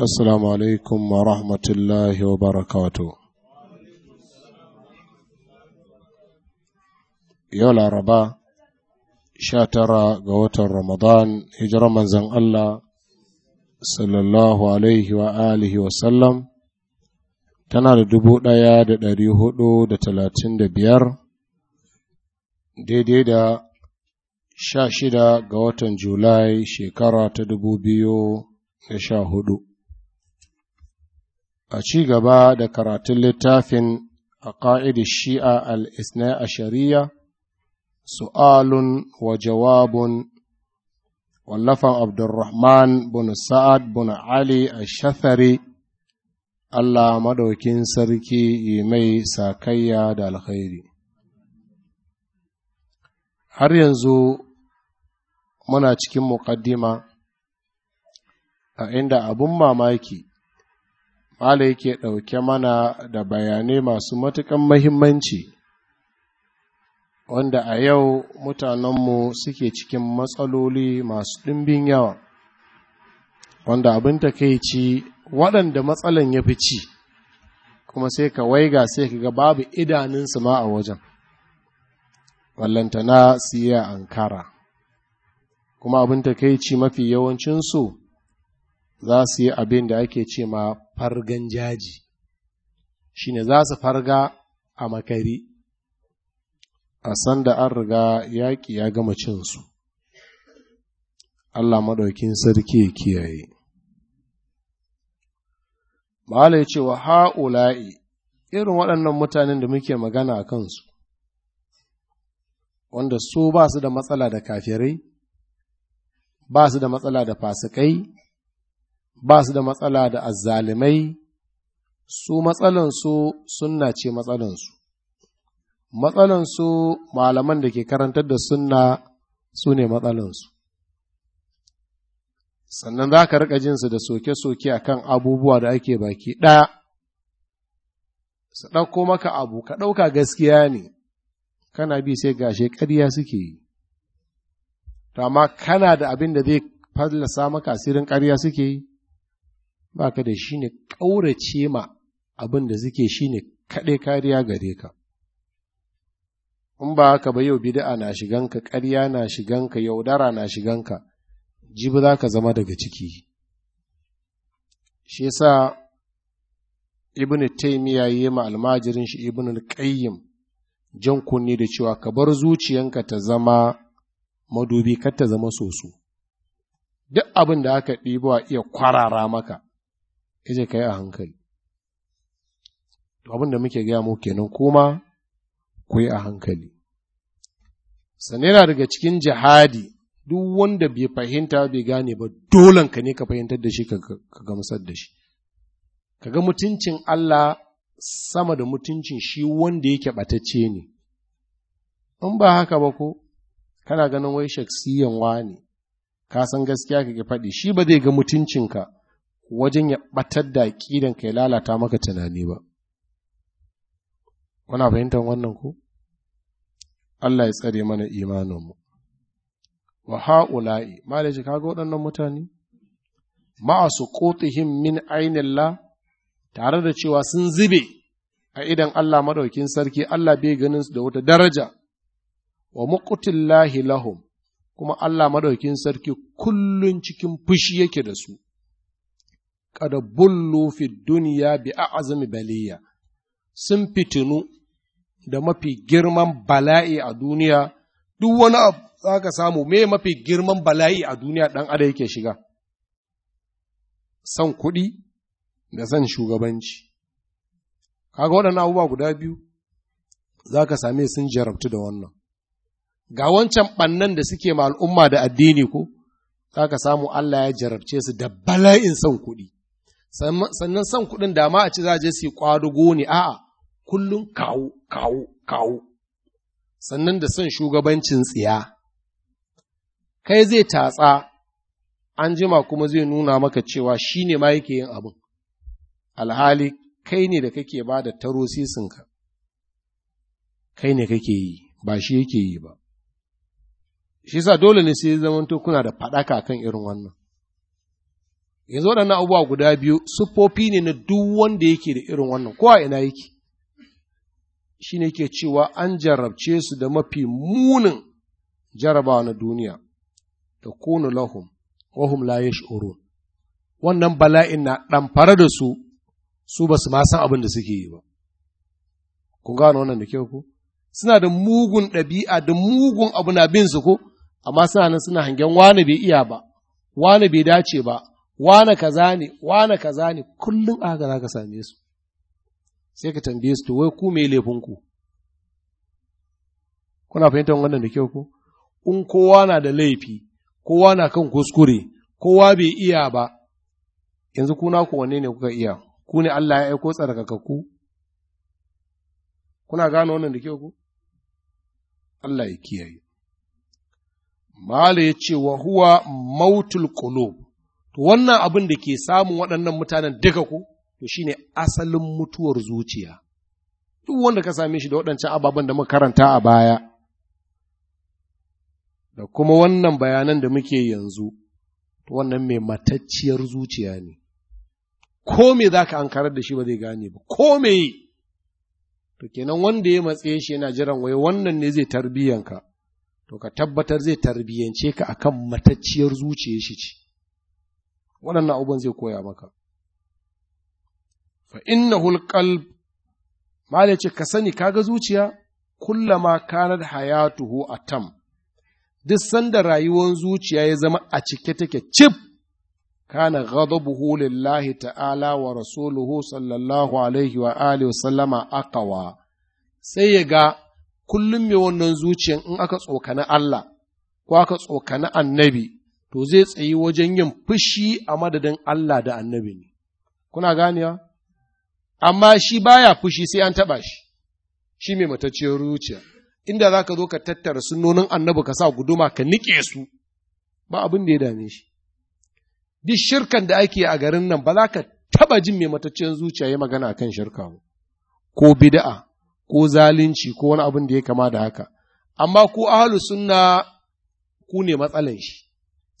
Assalamu alaikum wa rahmatullahi wa barakatu. Yau Laraba, sha tara ga watan Ramadan, hijirar manzan Allah, sallallahu alaihi wa alihi wa sallam, tana da dubu ɗaya da ɗari hudu da talatin da biyar, daidai da sha shida ga watan Julai shekara ta dubu biyu da sha hudu. a ci gaba da karatun littafin a ƙa'idar shi'a al'isna a shari'a su'alun wa jawabun wallafan abdurrahman bin sa'ad bin ali a shafari allah maɗaukin sarki mai sakayya da alkhairi har yanzu muna cikin muƙaddima a inda abun mamaki Mala yake ɗauke mana da bayanai masu matuƙan mahimmanci, wanda a yau mutanenmu suke cikin matsaloli masu ɗimbin yawa, wanda abin takaici waɗanda matsalan ya fi ci, kuma sai ka waiga sai ka ga babu idaninsu ma a wajen, na siya ankara. Kuma abin takaici mafi yawancinsu za su yi abin da ake ce ma fargan jaji shi ne za su farga a makari a sanda an riga yaƙi ya gama cinsu Allah maɗaukin sarki ya kiyaye ma'ala ya ce wa ha'ula'i irin waɗannan mutanen da muke magana a kansu wanda su ba su da matsala da kafirai ba su da matsala da fasikai ba su da matsala da azzalimai su matsalansu sunna ce matsalansu matsalansu malaman da ke karantar da sunna su ne matsalansu sannan za ka riƙa jinsu da soke-soke a kan abubuwa da ake baki ɗaya su ɗauko maka abu ka ɗauka gaskiya ne kana bi sai gashe ƙarya suke yi amma kana da abin da zai fallasa maka asirin ƙarya suke yi baka da shi ne ƙaurace ma abin da suke shi ne kaɗai kariya gare ka in ba haka ba yau bida'a na shiganka ƙarya na shiganka yaudara na shiganka jibi za ka zama daga ciki shi sa ibn taymiya yi ma almajirin shi ibn qayyim jan kunni da cewa ka bar zuciyanka ta zama madubi kar ta zama soso duk abin da aka ɗibo a iya kwarara maka ka kai a hankali to abin da muke gaya mu kenan kuma ku yi a hankali sannan yana daga cikin jihadi duk wanda bai fahimta bai gane ba dolan ka ne ka fahimtar da shi ka gamsar da shi kaga mutuncin Allah sama da mutuncin shi wanda yake batacce ne in ba haka ba ko kana ganin wai shaksiyan ne. ka san gaskiya kake faɗi shi ba zai ga mutuncinka wajen ya ɓatar da aƙidanka ya lalata maka tunani ba. Kuna fahimtar wannan ku? Allah ya tsare mana imaninmu. Wa ha'ula'i, malaji kaga waɗannan mutane? Ma'asu ƙotuhin min la tare da cewa sun zube a idan Allah maɗaukin sarki Allah bai ganin su da wata daraja, wa muƙutillahi lahum, kuma Allah maɗaukin sarki kullum cikin fushi yake da su. qad bullu fi dunya bi azumi baliya sun fitinu da mafi girman bala'i a duniya duk wani abu za ka samu me mafi girman bala'i a duniya ɗan ada yake shiga san kuɗi da san shugabanci kaga waɗannan abubuwa guda biyu za ka same sun jarabtu da wannan ga wancan ɓannan da suke ma al'umma da addini ko za ka samu Allah ya jarabce su da bala'in san kuɗi sannan san kuɗin dama a ci za je su yi ƙwadugo ne a'a kullum kawo kawo kawo sannan da son shugabancin tsiya kai zai tatsa an jima kuma zai nuna maka cewa shi ne ma yake yin abin alhali kai ne da kake ba da taro sisinka kai ne kake yi ba shi yake yi ba shi sa dole ne sai zamanto kuna da faɗaka kan irin wannan yanzu waɗannan abubuwa guda biyu siffofi ne na duk wanda yake da irin wannan ko a ina yake shi ne ke cewa an jarabce su da mafi munin jarabawa na duniya da kunu lahum wahum la yash'urun wannan bala'in na ɗamfara da su su ba su ma san abin da suke yi ba kun gano wannan da kyau ku suna da mugun ɗabi'a da mugun abu na bin su ko amma suna nan suna hangen wani bai iya ba wani bai dace ba wane kaza ne wane kaza ne kullum a haka za ka same su sai ka tambaye su to wai ku me laifinku ku kuna fahimtar wannan da kyau ko in kowa na da laifi kowa na kan kuskure kowa bai iya ba yanzu kuna ku wanne ne kuka iya ku ne Allah ya aiko tsarkakakku kuna gano wannan da kyau ku Allah ya kiyaye Mala ya ce wa huwa mautul qulub To wannan abin da ke samun waɗannan mutanen duka ku, to shi asalin mutuwar zuciya. Duk wanda ka same shi da waɗancan ababen da muka karanta a baya, da kuma wannan bayanan da muke yanzu, to wannan mai matacciyar zuciya ne. Ko me za ka ankarar da shi ba zai gane ba, ko me To kenan wanda ya matse shi yana jiran wai wannan ne zai tarbiyyanka, to ka tabbatar zai tarbiyyance ka akan matacciyar zuciyar shi ce. waɗannan abubuwan zai koya maka fa innahul qalb mala ce ka sani kaga zuciya kullama ho a tam. duk sanda rayuwar zuciya ya zama a cike take cif kana ghadabuhu lillahi ta'ala wa rasuluhu sallallahu alaihi wa alihi wa sallama aqwa sai ya ga kullum mai wannan zuciyan in aka tsokana Allah ko aka tsokana annabi to zai tsayi wajen yin fushi a madadin Allah da annabi ne. Kuna ganewa? Amma shi baya fushi sai an taɓa shi, shi mai matacciyar ruciya, inda za ka zo ka tattara sunonin annabi ka sa guduma ka niƙe su, ba abin da ya dame shi. Duk shirkan da ake a garin nan ba za ka taɓa jin mai matacciyar zuciya ya magana a kan shirka ba. ko bida'a, ko zalunci, ko wani abin da ya kama da haka. Amma ko ahalu sunna ku ne matsalan shi.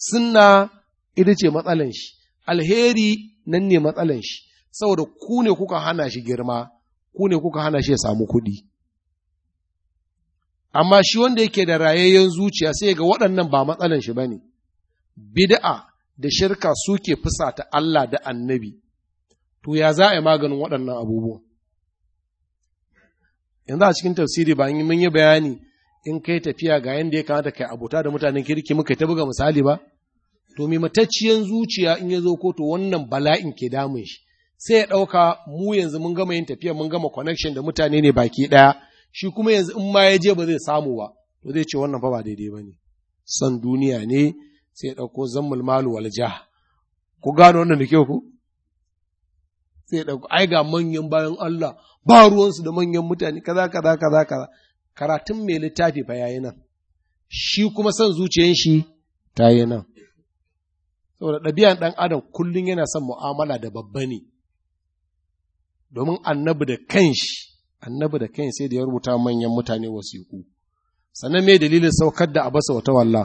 sunna ita ce matsalan shi alheri nan ne matsalan shi saboda ku ne kuka hana shi girma ku ne kuka hana shi ya samu kuɗi amma shi wanda yake da rayayyen zuciya sai ga waɗannan ba matsalan shi bane bid'a da shirka suke fusata Allah da annabi to ya za a yi maganin waɗannan abubuwan yanzu a cikin tafsiri ba mun yi bayani in kai tafiya ga yanda ya kamata kai abota da mutanen kirki muka ta buga misali ba to mai matacciyan zuciya in ya zo ko wannan bala'in ke damun shi sai ya ɗauka mu yanzu mun gama yin tafiya mun gama connection da mutane ne baki ɗaya shi kuma yanzu in ma ya je ba zai samu ba to zai ce wannan fa ba daidai ba ne san duniya ne sai ya ɗauko zammul malu wal jah ku gano wannan da kyau ku sai ya ɗauko ai ga manyan bayan Allah ba ruwansu da manyan mutane kaza kaza kaza kaza karatun mai littafi fa yayi nan shi kuma san zuciyan shi ta yi nan saboda ɗabi'an ɗan adam kullum yana son mu'amala da babba ne domin annabi da kanshi annabi da kanshi sai da ya rubuta manyan mutane wasiku sannan me dalilin saukar da abasa wata walla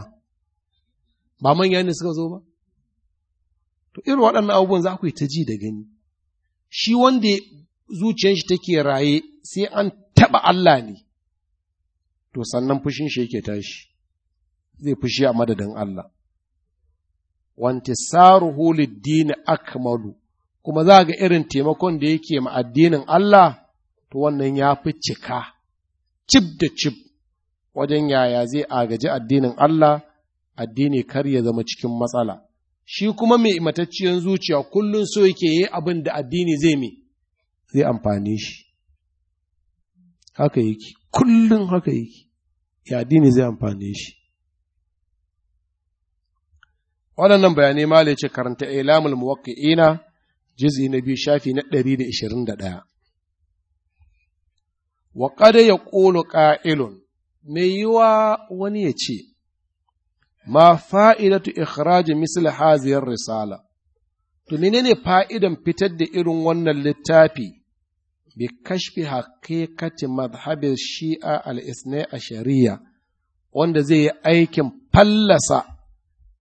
ba manya ne suka zo ba to irin waɗannan abubuwan za ku yi ta ji da gani shi wanda zuciyar shi take raye sai an taɓa Allah ne to sannan fushin shi yake tashi zai fushi a madadin Allah wantisaruhu lid-din akmalu kuma za ga irin taimakon da yake ma addinin Allah to wannan ya fi cika cib da cib wajen yaya zai agaji addinin Allah addini kar ya zama cikin matsala shi kuma mai matacciyar zuciya kullum so yake yi abin da addini zai mai zai amfani shi haka yake kullum haka yake ya addini zai amfani shi waɗannan bayanai ma ce karanta ilamul muwaqqi'ina jizi na biyu shafi na da da ishirin ɗaya. wa ya ƙolo ƙa’ilun, mai yiwa wani ya ce ma fa'idatu ikhraji misli haziyar risala to ne fa'idan fitar da irin wannan littafi bi kashfi hakikati mazhabin shi'a al a shari'a wanda zai yi aikin fallasa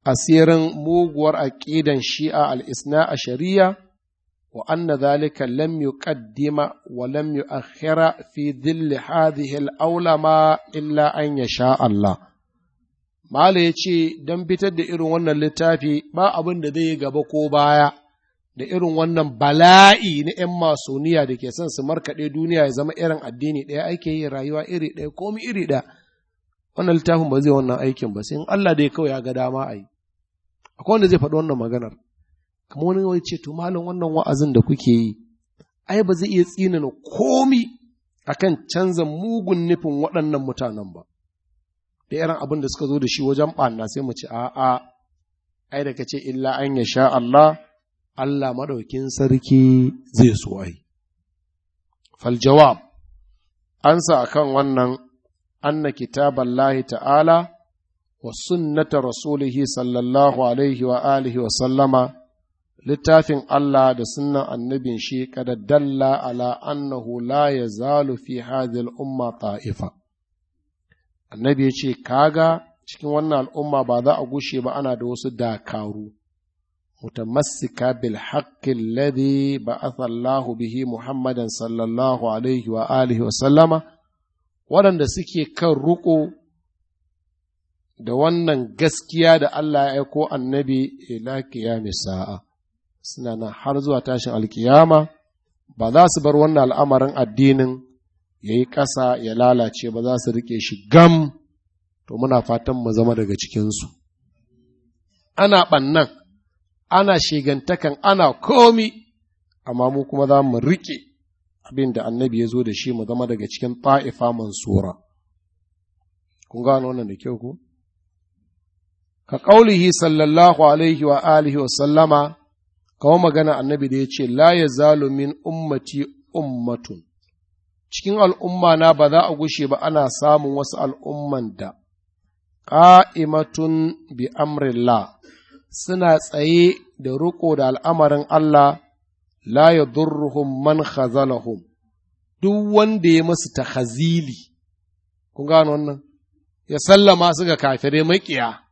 asirin muguwar aƙidan shi'a al'isna a shari'a wa anna zalika lam yuqaddima wa lam yu'akhkhira fi dhilli hadhihi al-awlama illa an yasha Allah Mala ya ce, Don fitar da irin wannan littafi ba abin da zai gaba ko baya, da irin wannan bala'i na ‘yan masoniya da ke son su markaɗe duniya ya zama irin addini ɗaya ake yi rayuwa iri ɗaya komi iri ɗaya. Wannan littafin ba zai wannan aikin ba, sai in Allah dai kawai ya ga dama a yi. akwai wanda zai faɗi wannan maganar kamar wani wai ce to malam wannan wa'azin da kuke yi ai ba zai iya tsinana komi akan canza mugun nufin waɗannan mutanen ba da irin abin da suka zo da shi wajen ɓanna sai mu ce a'a ai da kace illa an ya sha Allah Allah maɗaukin sarki zai so ai fal jawab ansa akan wannan anna kitaballahi ta'ala wa sunnata rasulihi sallallahu alaihi wa alihi wa sallama littafin Allah da sunnan annabin shi kada dalla ala annahu la yazalu fi hadhihi umma ta'ifa annabi ya ce kaga cikin wannan al'umma ba za a gushe ba ana da wasu dakaru متمسكة بالحق الذي بعث الله به محمدا صلى الله عليه وآله وسلم ولن سكي da wannan gaskiya da Allah ya aiko annabi ila kiyami sa'a suna nan har zuwa tashin alkiyama ba za su bar wannan al'amarin addinin ya yi ƙasa ya lalace ba za su rike shi gam to muna fatan mu zama daga cikinsu ana ɓannan ana shigantakan ana komi amma mu kuma za mu rike abin da annabi ya zo da shi mu zama daga cikin ta'ifa mansura kun gano wannan da kyau ko ka ƙaulihi sallallahu alaihi wa alihi wa sallama kawo magana annabi da ya ce la ya zalumin ummati ummatun cikin al'umma na ba za a gushe ba ana samun wasu al'umman da ƙa'imatun bi suna tsaye da riƙo da al'amarin Allah la ya durruhum man khazalahum duk wanda ya masu tahazili kun gano wannan ya sallama su ga kafirai maƙiya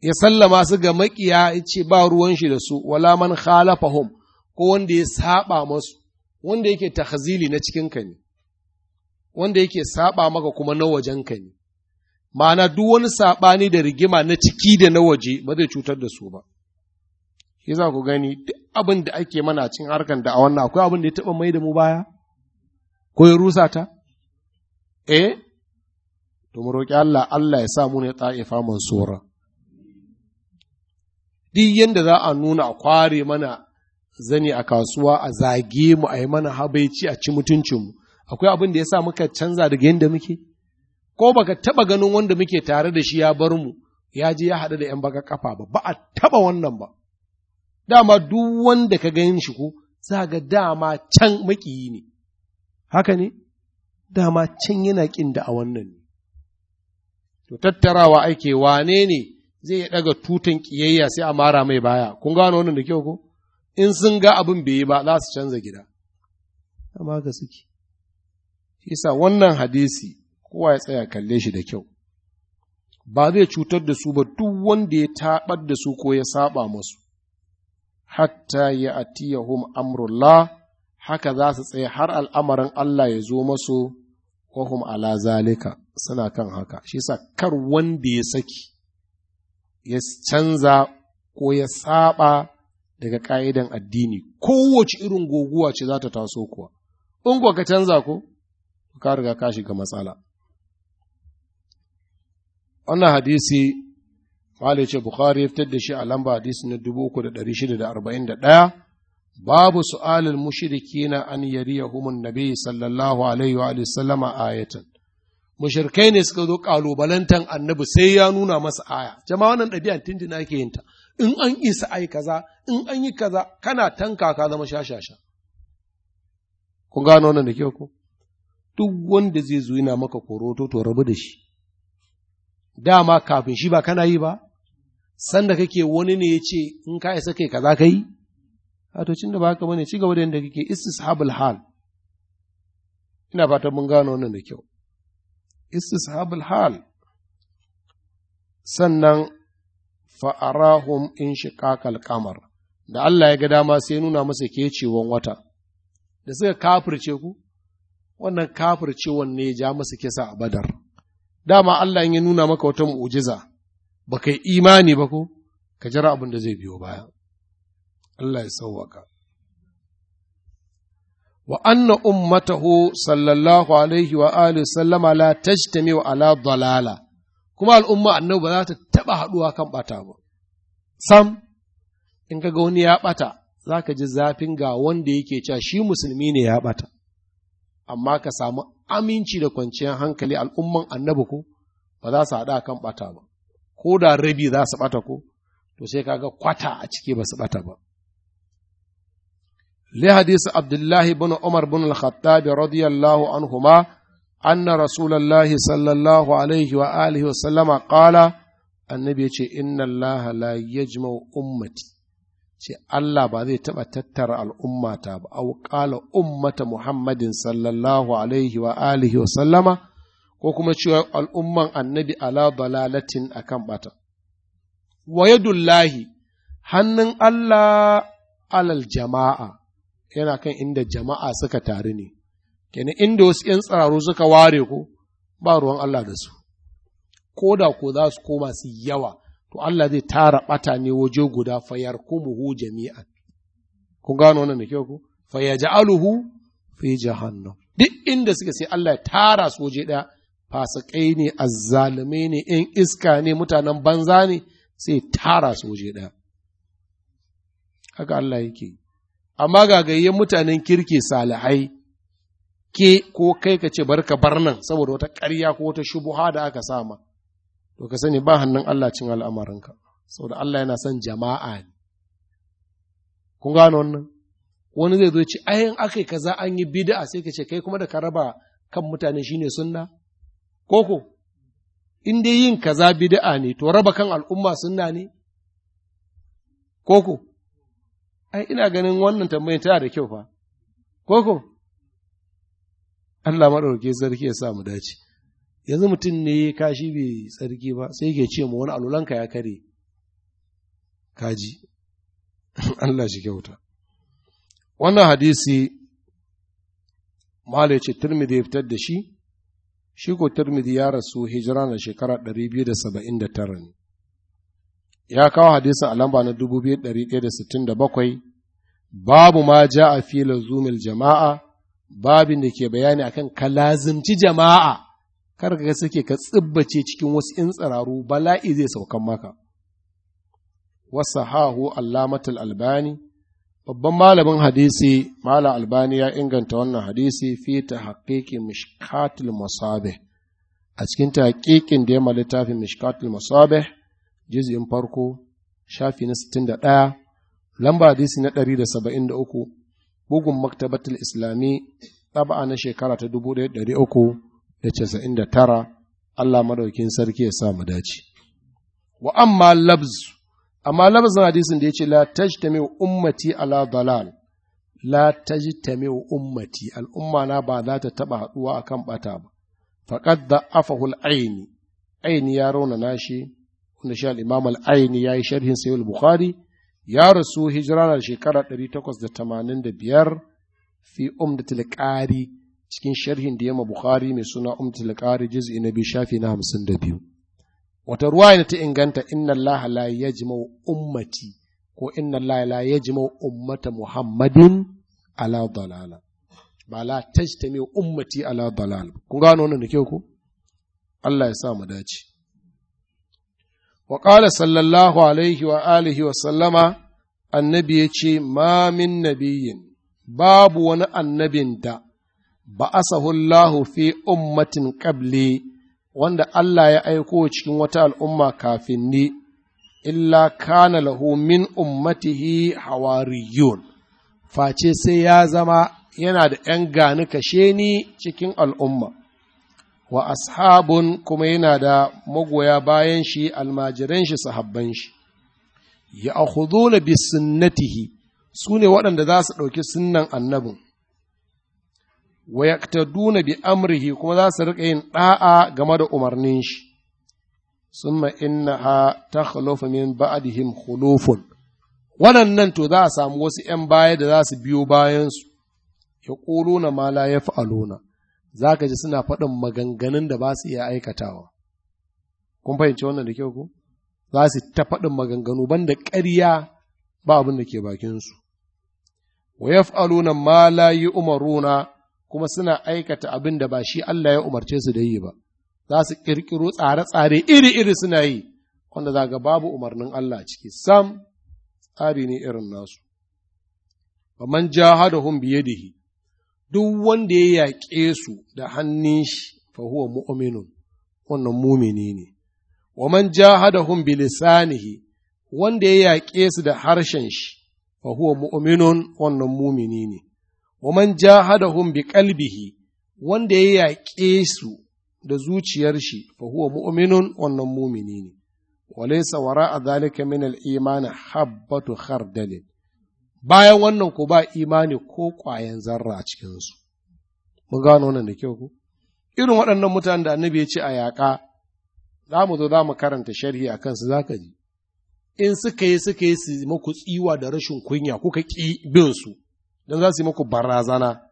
ya sallama su ga makiya ya ce ba ruwan shi da su wala man khalafahum ko wanda ya saba masu wanda yake tahzili na cikin ka ne wanda yake saba maka kuma na wajen ka ne ma'ana duk wani saɓani da rigima na ciki da na waje ba zai cutar da su ba shi za ku gani duk abin da ake mana cin harkan da a wannan akwai abin da ya taɓa mai da mu baya ko ya rusa ta eh to mu roƙi Allah Allah ya sa mu ne ta'ifa mansura duk yadda za a nuna a kware mana zani a kasuwa a zage mu a yi mana habaici a ci mutuncinmu akwai abin da ya sa muka canza daga yadda muke ko baka taba ganin wanda muke tare da shi ya bar mu ya je ya haɗu da ‘yan baka kafa ba ba a taba wannan ba dama duk wanda ka gani shi ko za ga dama can makiyi ne haka ne dama can yana kin da a wannan ne to tattarawa ake wane ne zai ya ɗaga tutan kiyayya sai a mara mai baya kun gano wannan da kyau ko in sun ga abin bai yi ba za su canza gida amma ga suke isa wannan hadisi kowa ya tsaya kalle shi da kyau ba zai cutar da su ba duk wanda ya taɓar da su ko ya saɓa masu. hatta ya hum! amrullah haka za su tsaye har al'amarin Allah ya zo masu wahum ala zalika suna kan haka shi sa kar wanda ya saki ya canza ko ya saba daga ƙa'idan addini kowace irin goguwa ce za ta taso kuwa in kuwa ka canza ko ka riga ka shiga matsala wannan hadisi Malai ce Bukhari ya fitar da shi a lamba hadisi na 3641 babu su'alil na an ya yariyahumun nabi sallallahu alaihi wa sallama ayatun. mushirkai ne suka zo kalubalantan annabi sai ya nuna masa aya jama'a wannan ɗabi'a tindina ke yin ta in an isa ai kaza in an yi kaza kana tanka ka zama shashasha kun gano wannan da kyau ko duk wanda zai zo yana maka koroto to rabu da shi dama kafin shi ba kana yi ba sanda kake wani ne ya ce in ka isa kai kaza ka yi a to cin da ba haka bane ci gaba da yadda kake istishabul hal ina fatan mun gano wannan da kyau istishabul hal sannan fa'arahum in shiqaqal qamar da Allah ya ga dama sai nuna masa kecewan wata da suka kafirce ku wannan kafircewan ne ya ja masa kisa a badar dama Allah ya nuna maka wata mu'jiza ba kai imani ba ko ka jira abin da zai biyo baya Allah ya sauwaka wa anna ummatahu sallallahu alaihi wa alihi sallama la wa ala dalala kuma al'umma annabi ba za ta taba haduwa kan bata ba sam in ka ga wani ya bata zaka ji zafin ga wanda yake cewa shi musulmi ne ya bata amma ka samu aminci da kwanciyar hankali al'umman annabi ko ba za su haɗa kan ɓata ba, ko da rabi za su bata ko, to sai kaga kwata a ciki ba su bata ba. لحديث عبد الله بن عمر بن الخطاب رضي الله عنهما أن رسول الله صلى الله عليه وآله وسلم قال النبي إن الله لا يجمع أمتي ce Allah ba zai taɓa tattara al'ummata ba, au ƙala ummata Muhammadin sallallahu alaihi wa alihi wa sallama, ko kuma cewa al'umman annabi ala balalatin a kan ɓata. Wa yadullahi, hannun Allah alal jama'a, yana kan inda jama'a suka taru ne kenan inda wasu 'yan tsararru suka ware ko ba ruwan Allah da su ko da ko za su koma su yawa to Allah zai tara ɓata ne waje guda fayar kumuhu jami'an kun gano wannan da kyau ko fayaj'aluhu fi jahannam duk inda suka sai Allah ya tara su waje ɗaya fasikai ne azzalumai ne in iska ne mutanen banza ne sai tara su waje ɗaya haka Allah yake yi amma gagayyen mutanen kirki salihai ke ko kai ka ce barka bar nan saboda wata karya ko wata shubuha da aka sama to ka sani ba hannun Allah cin al'amarinka saboda Allah yana son jama'a ne kun gano wannan wani zai zo ci ayin akai kaza an yi bid'a sai ka ce kai kuma da ka raba kan mutane shine sunna koko in dai yin kaza bid'a ne to raba kan al'umma sunna ne koko ai ina ganin wannan tambayin tana da kyau fa koko Allah maɗauke sarki ya sa mu dace yanzu mutum ne kashi bai sarki ba sai ke ce mu wani alulanka ya kare kaji Allah shi kyauta wannan hadisi mala ce turmidi ya fitar da shi shi ko turmidi ya rasu hijira na shekara 279 ne ya kawo hadisin a lamba na 2167 babu ma ja a fila zumil jama'a babin da ke bayani akan ka lazimci jama'a kar ka suke ka tsibbace cikin wasu in tsiraru bala'i zai saukan maka wasa hahu allamatul albani babban malamin hadisi malam albani ya inganta wannan hadisi fi ta haƙiƙi mishkatul masabe a cikin ta haƙiƙin da ya littafin mishkatul masabe juz'in farko shafi na 61 lamba hadisi na 173 bugun maktabatul islami taba na shekara ta 1399 Allah madaukin sarki ya sa mu dace wa amma labz amma na hadisin da ce la tajtami ummati ala dalal la tajtami ummati al'umma na ba za ta taba haduwa akan bata ba faqad da'afahu al-aini aini ya rauna nashi wanda shi al’imam al’aini ya aini yayi sharhin Sahih bukhari ya rasu hijira da shekara 1885 fi umdatul ƙari cikin sharhin da yamma Bukhari mai suna umdatul ƙari juz'i na biyu shafi na hamsin da biyu. wata ruwa ruwaya ta inganta inna Allah la yajma'u ummati ko inna Allah la yajma'u ummata Muhammadin ala ba la tajtami ummati ala kun gano wannan da kyau ko Allah ya sa mu dace Waƙala ƙala sallallahu alaihi wa wa sallama annabi ya ce ma min nabiyin babu wani annabin da ba asahullahu fi ummatin qabli wanda Allah ya aiko cikin wata al'umma kafin ni illa kana lahu min ummatihi hawariyun face sai ya zama yana da ‘yan gani kashe ni cikin al'umma wa ashabun kuma yana da magoya bayan shi almajiran shi sahabban shi ya akhudhuna bi sunnatihi su ne waɗanda za su ɗauki sunnan annabin wa yaktaduna bi amrihi kuma za su riƙa yin ɗa'a game da umarnin shi summa innaha takhlufu min ba'dihim khulufun waɗannan to za a samu wasu ‘yan baya da za su biyo bayansu ya ƙuluna ma la ya fa'aluna za ka ji suna faɗin maganganun da ba su iya aikatawa kun fahimci wannan da kyau ku za su ta faɗin maganganu banda ƙarya ba abin da ke bakinsu wa ya yaf'aluna ma la umaruna kuma suna aikata abin da ba shi Allah ya umarce su da yi ba za su ƙirƙiro tsare-tsare iri-iri suna yi wanda za ga babu umarnin Allah ciki sam tsari ne irin nasu Ba man ja hada faman biye biyadihi duk wanda ya yaƙe su da hannun shi fa huwa mu'minun wannan mumini ne wa man jahadahum bi lisanihi wanda ya yaƙe su da harshen shi fa huwa mu'minun wannan mumini ne wa man hum bi qalbihi wanda ya yaƙe su da zuciyar shi fa huwa mu'minun wannan mumini ne walaysa wara'a dhalika min al-iman habbatu dalil. bayan wannan ko ba imani ko kwayan zarra a cikinsu. Mun gano wannan da kyau ku? Irin waɗannan mutanen da annabi ya ce a yaƙa, za mu zo za mu karanta sharhi a kansu za ka ji. In suka yi suka yi su maku tsiwa da rashin kunya kuka ƙi bin su, don za su yi maku barazana,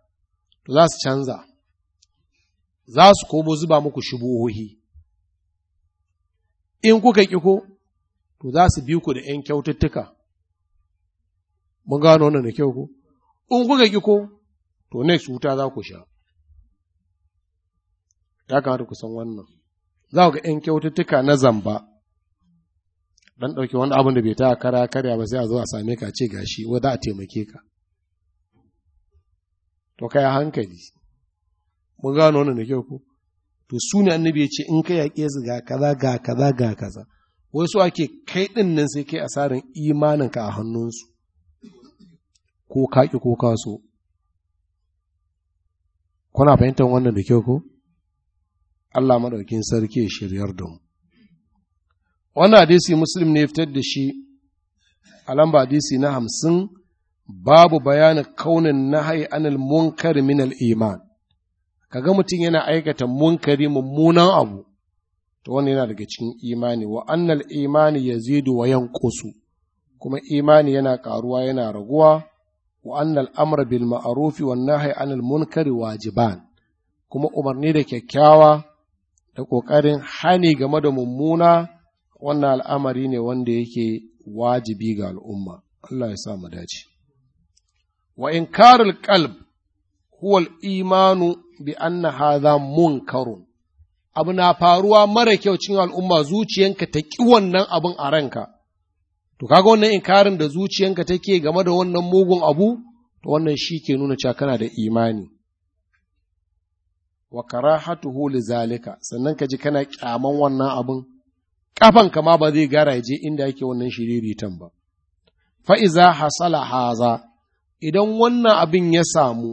to za su canza. Za su komo zuba muku shubuhohi. In kuka ƙi ko, to za su bi ku da ‘yan kyaututtuka. Mun gano wannan da kyau ko? In kuka ki ko, to next wuta za ku sha. Ya kamata ku san wannan. Za ku ga ‘yan kyaututtuka na zamba, dan ɗauki wani abin da bai ta kara karya ba sai a zo a same ka ce gashi, wa za a taimake ka. To yi hankali. Mun gano wannan da kyau ko? to su ne annabi ya ce in ka yaƙe su ga kaza ga kaza ga kaza wai su ake kai ɗin nan sai kai asarin imaninka a hannunsu ko ka ƙi ko ka so kuna fahimtar wannan da kyau ko Allah maɗaukin sarki ya shiryar da mu wannan hadisi muslim ne fitar da shi a lamba hadisi na hamsin babu bayanin kaunin na anil munkari min iman kaga mutum yana aikata munkari mummunan abu to wannan yana daga cikin imani wa annal imani yazidu wa yanqusu kuma imani yana karuwa yana raguwa wa annal amra bil ma'ruf wan nahyi anil munkari wajiban kuma umarni da kyakkyawa da ƙoƙarin hani game da mummuna wannan al'amari ne wanda yake wajibi ga al'umma Allah ya sa mu dace wa inkarul qalb huwa imanu bi anna hadha munkarun abu na faruwa mara kyau cikin al'umma zuciyarka ta ƙi wannan abin a ranka To kaga wannan inkarin da zuciyanka take game da wannan mugun abu, to wannan shi ke nuna cewa kana da imani. Wa karahatuhu li zalika, sannan ka ji kana kyaman wannan abin, kafanka ma ba zai gara je inda yake wannan shiriritan ba. Fa'iza hasala haza, idan wannan abin ya samu,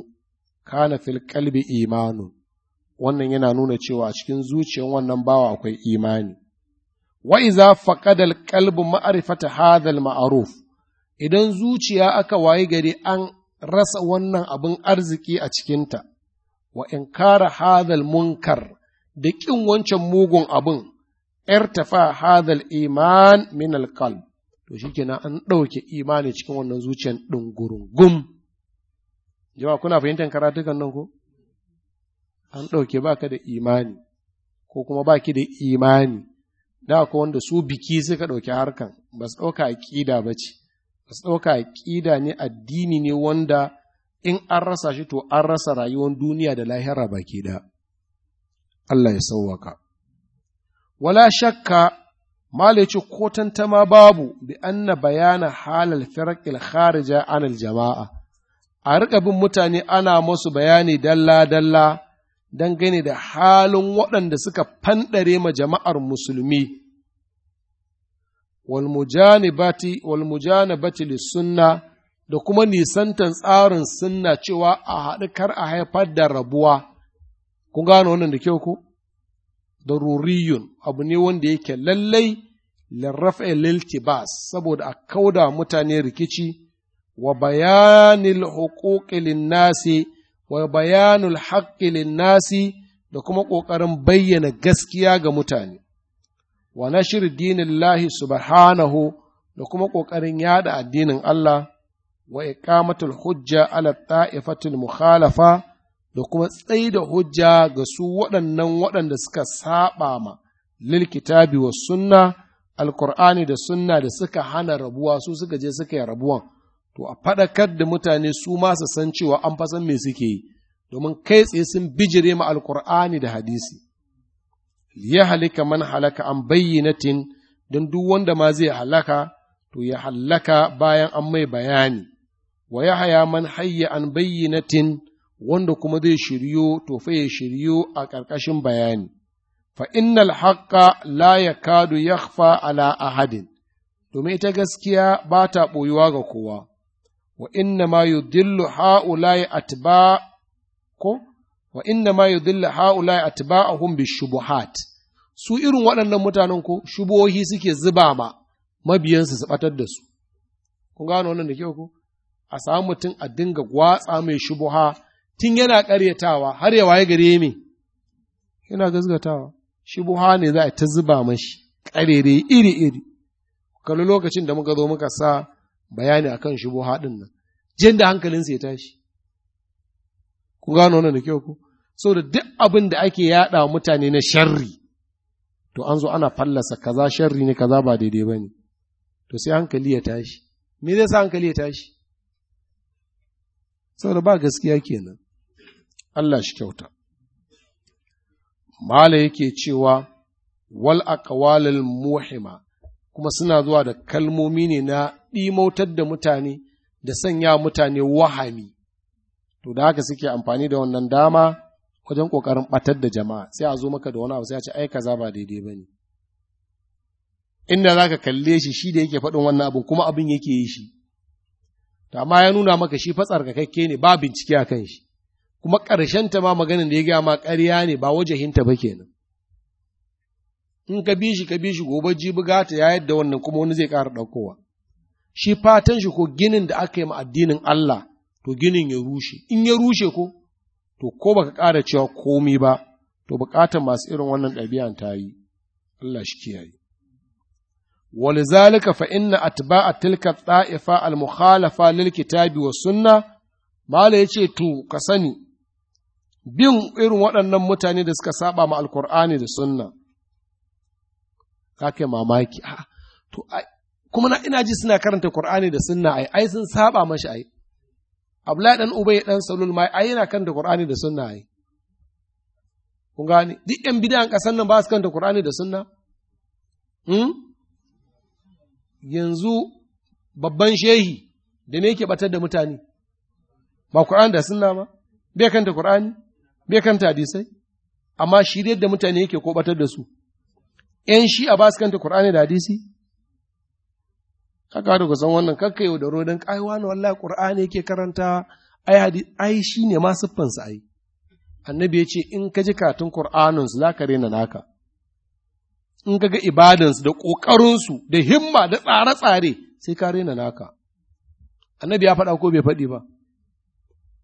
kana fil kalbi imanu, wannan yana nuna cewa a cikin zuciyar wannan bawa akwai imani. wa iza faqadal qalbu ma'rifata hadhal ma'ruf idan zuciya aka wayi gari an rasa wannan abin arziki a cikinta wa inkara hadal munkar da ƙin wancan mugun abin irtafa hadhal iman min alqalb to shikenan an ɗauke imani cikin wannan zuciyar ɗungurungum jama'a kuna fahimtar karatukan nan ko an ɗauke baka da imani ko kuma baki da imani da ko wanda su biki suka ɗauki harkan ba su ɗauka aƙida ba ce ba su ɗauka aƙida ne addini ne wanda in an rasa shi to an rasa rayuwar duniya da lahira baki ɗaya Allah ya sauwaka wala shakka malici ko tantama babu bi anna bayana halal firqil kharija anil jama'a a riƙa bin mutane ana musu bayani dalla dalla dangane da halin waɗanda suka fanɗare ma jama'ar musulmi, walmujanibati sunna da kuma nisantan tsarin sunna cewa a haɗu kar a haifar da rabuwa, Ku gano wannan da kyau ku? Da ruriyun abu ne wanda yake lallai lirrafa liltibas saboda a kauda mutane rikici wa bayanin huquqi nasi wa bayanul haqqi nasi da kuma ƙoƙarin bayyana gaskiya ga mutane wa nashr dinillahi subhanahu da kuma ƙoƙarin yada addinin Allah wa iqamatul hujja ala ta'ifatil mukhalafa da kuma tsaida hujja ga su waɗannan waɗanda suka saɓa ma lil kitabi was sunna alqur'ani da sunna da suka hana rabuwa su suka je suka yi rabuwan to a faɗakar da mutane su ma su san cewa an fasan me suke yi domin kai tsaye sun bijire ma alkur'ani da hadisi ya halika man halaka an bayyinatin don duk wanda ma zai halaka to ya halaka bayan an mai bayani wa ya haya man hayya an bayyinatin wanda kuma zai shiryo to fa ya shiryo a ƙarƙashin bayani fa innal haqqa la yakadu yakhfa ala ahadin domin ita gaskiya ba ta ɓoyuwa ga kowa wa inna ma yudillu ha'ulai atba ko wa inna ma yudillu ha'ulai su irin waɗannan mutanen ko shubohi suke zuba ma mabiyansu su batar da su kun gano wannan da kyau ko a samu mutum a dinga gwatsa mai shubuha tun yana ƙaryatawa har ya waye gare me yana gazgatawa shubuha ne za a ta zuba mashi ƙarere iri iri kalli lokacin da muka zo muka sa bayani akan shubo haɗin nan jin da hankalinsa ya tashi ku gano wannan da kyau ku saboda duk abin da ake yaɗa mutane na sharri to an zo ana fallasa kaza sharri ne kaza ba daidai ba ne to sai hankali ya tashi me zai sa hankali ya tashi saboda ba gaskiya kenan Allah shi kyauta mala yake cewa wal aqwalul muhima kuma suna zuwa da kalmomi ne na ɗimautar da mutane da sanya mutane wahami to da haka suke amfani da wannan dama wajen ƙoƙarin ɓatar da jama'a sai a zo maka da wani abu sai a ce ai kaza ba daidai ba ne inda za ka kalle shi shi da yake faɗin wannan abin kuma abin yake yi shi to amma ya nuna maka shi fatsar kakakke ne ba bincike a kan shi kuma ƙarshen ta ma maganin da ya gaya ma ƙarya ne ba wajahinta ba kenan in ka bi shi ka bi shi gobe jibi gata ya yadda wannan kuma wani zai ƙara ɗaukowa shi fatan shi ko ginin da aka yi ma addinin Allah to ginin ya rushe in ya rushe ko to ko baka ƙara cewa komi ba to buƙatar masu irin wannan ɗabi'an ta yi Allah shi kiyaye inna atba'a أتباع تلك almukhalafa المخالفة للكتاب sunna? mala yace to ka sani. bin irin waɗannan mutane da suka saba ma alkur'ani da sunna ka kai mamaki a to kuma na ina ji suna karanta Qur'ani da sunna ai ai sun saba mashi ai Abdullahi dan Ubay dan Salul mai ai yana karanta Qur'ani da sunna ai kun gane duk yan bidan kasan nan ba su karanta Qur'ani da sunna hmm? yanzu babban shehi da ne yake batar da mutane ba Qur'ani da sunna ba bai kanta Qur'ani bai kanta hadisai amma shirye da mutane yake ko batar da su ‘yan shi a ba su kanta Kur'ani da hadisi? Kaka da kusan wannan kakka yau da rodon ƙaiwa wani wallah Kur'ani yake karanta ai shi ne ma siffansa ai. Annabi ya ce in ka ji katun Kur'aninsu za ka rena naka. In ka ga ibadansu da ƙoƙarinsu da himma da tsare-tsare sai ka rena naka. Annabi ya faɗa ko bai faɗi ba.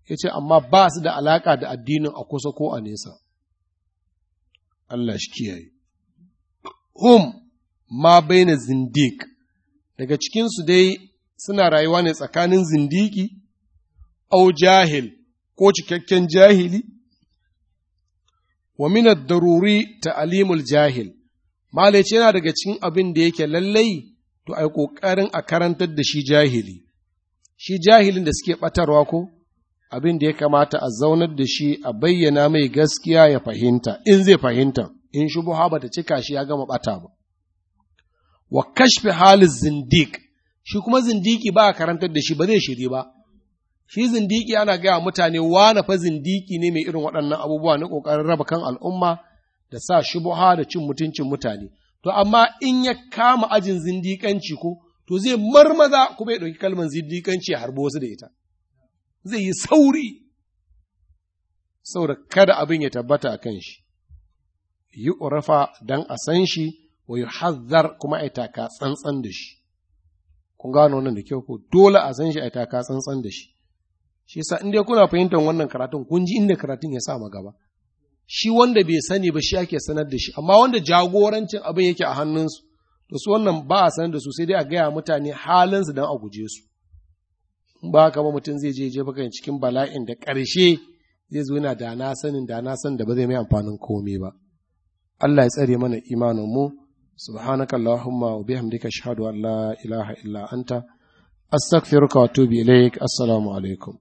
Ya ce amma ba su da alaƙa da addinin a kusa ko a nesa. Allah shi kiyaye. hum ma baina zindik daga cikinsu dai suna rayuwa ne tsakanin zindiki au jahil ko cikakken jahili wa minad daruri ta'alimul jahil malaci yana daga cikin abin da yake lallai to ai ƙoƙarin a karantar da shi jahili shi jahilin da suke ɓatarwa ko abin da ya kamata a zaunar da shi a bayyana mai gaskiya ya fahimta in zai fahimta in shubuha bata cika shi ya gama bata ba wa kashfi halin zindik. shi kuma zindiki ba a karantar da shi ba zai shiri ba shi zindiki ana gaya mutane wane fa zindiki ne mai irin waɗannan abubuwa na ƙoƙarin raba kan al'umma da sa shubuha da cin mutuncin mutane to amma in ya kama ajin zindikanci ko to zai marmaza kuma ya ɗauki kalmar zindikanci ya harbo wasu da ita zai yi sauri saboda kada abin ya tabbata a kan shi yi urafa don a san shi wa yi hazar kuma a taka tsantsan da shi kun gano wannan da kyau ko dole a san shi a taka tsantsan da shi shi sa in dai kuna fahimtar wannan karatun kun ji inda karatun ya sa ma gaba shi wanda bai sani ba shi ake sanar da shi amma wanda jagorancin abin yake a hannunsu to su wannan ba a sanar da su sai dai a gaya mutane halinsu don a guje su in ba haka ba mutum zai je je baka cikin bala'in da ƙarshe zai zo yana da na sanin da na san da ba zai mai amfanin komai ba Allah ya tsare mana imaninmu subhanaka allahumma wa bihamdika ashhadu an la ilaha illa anta astaghfiruka wa atubu ilaik assalamu alaikum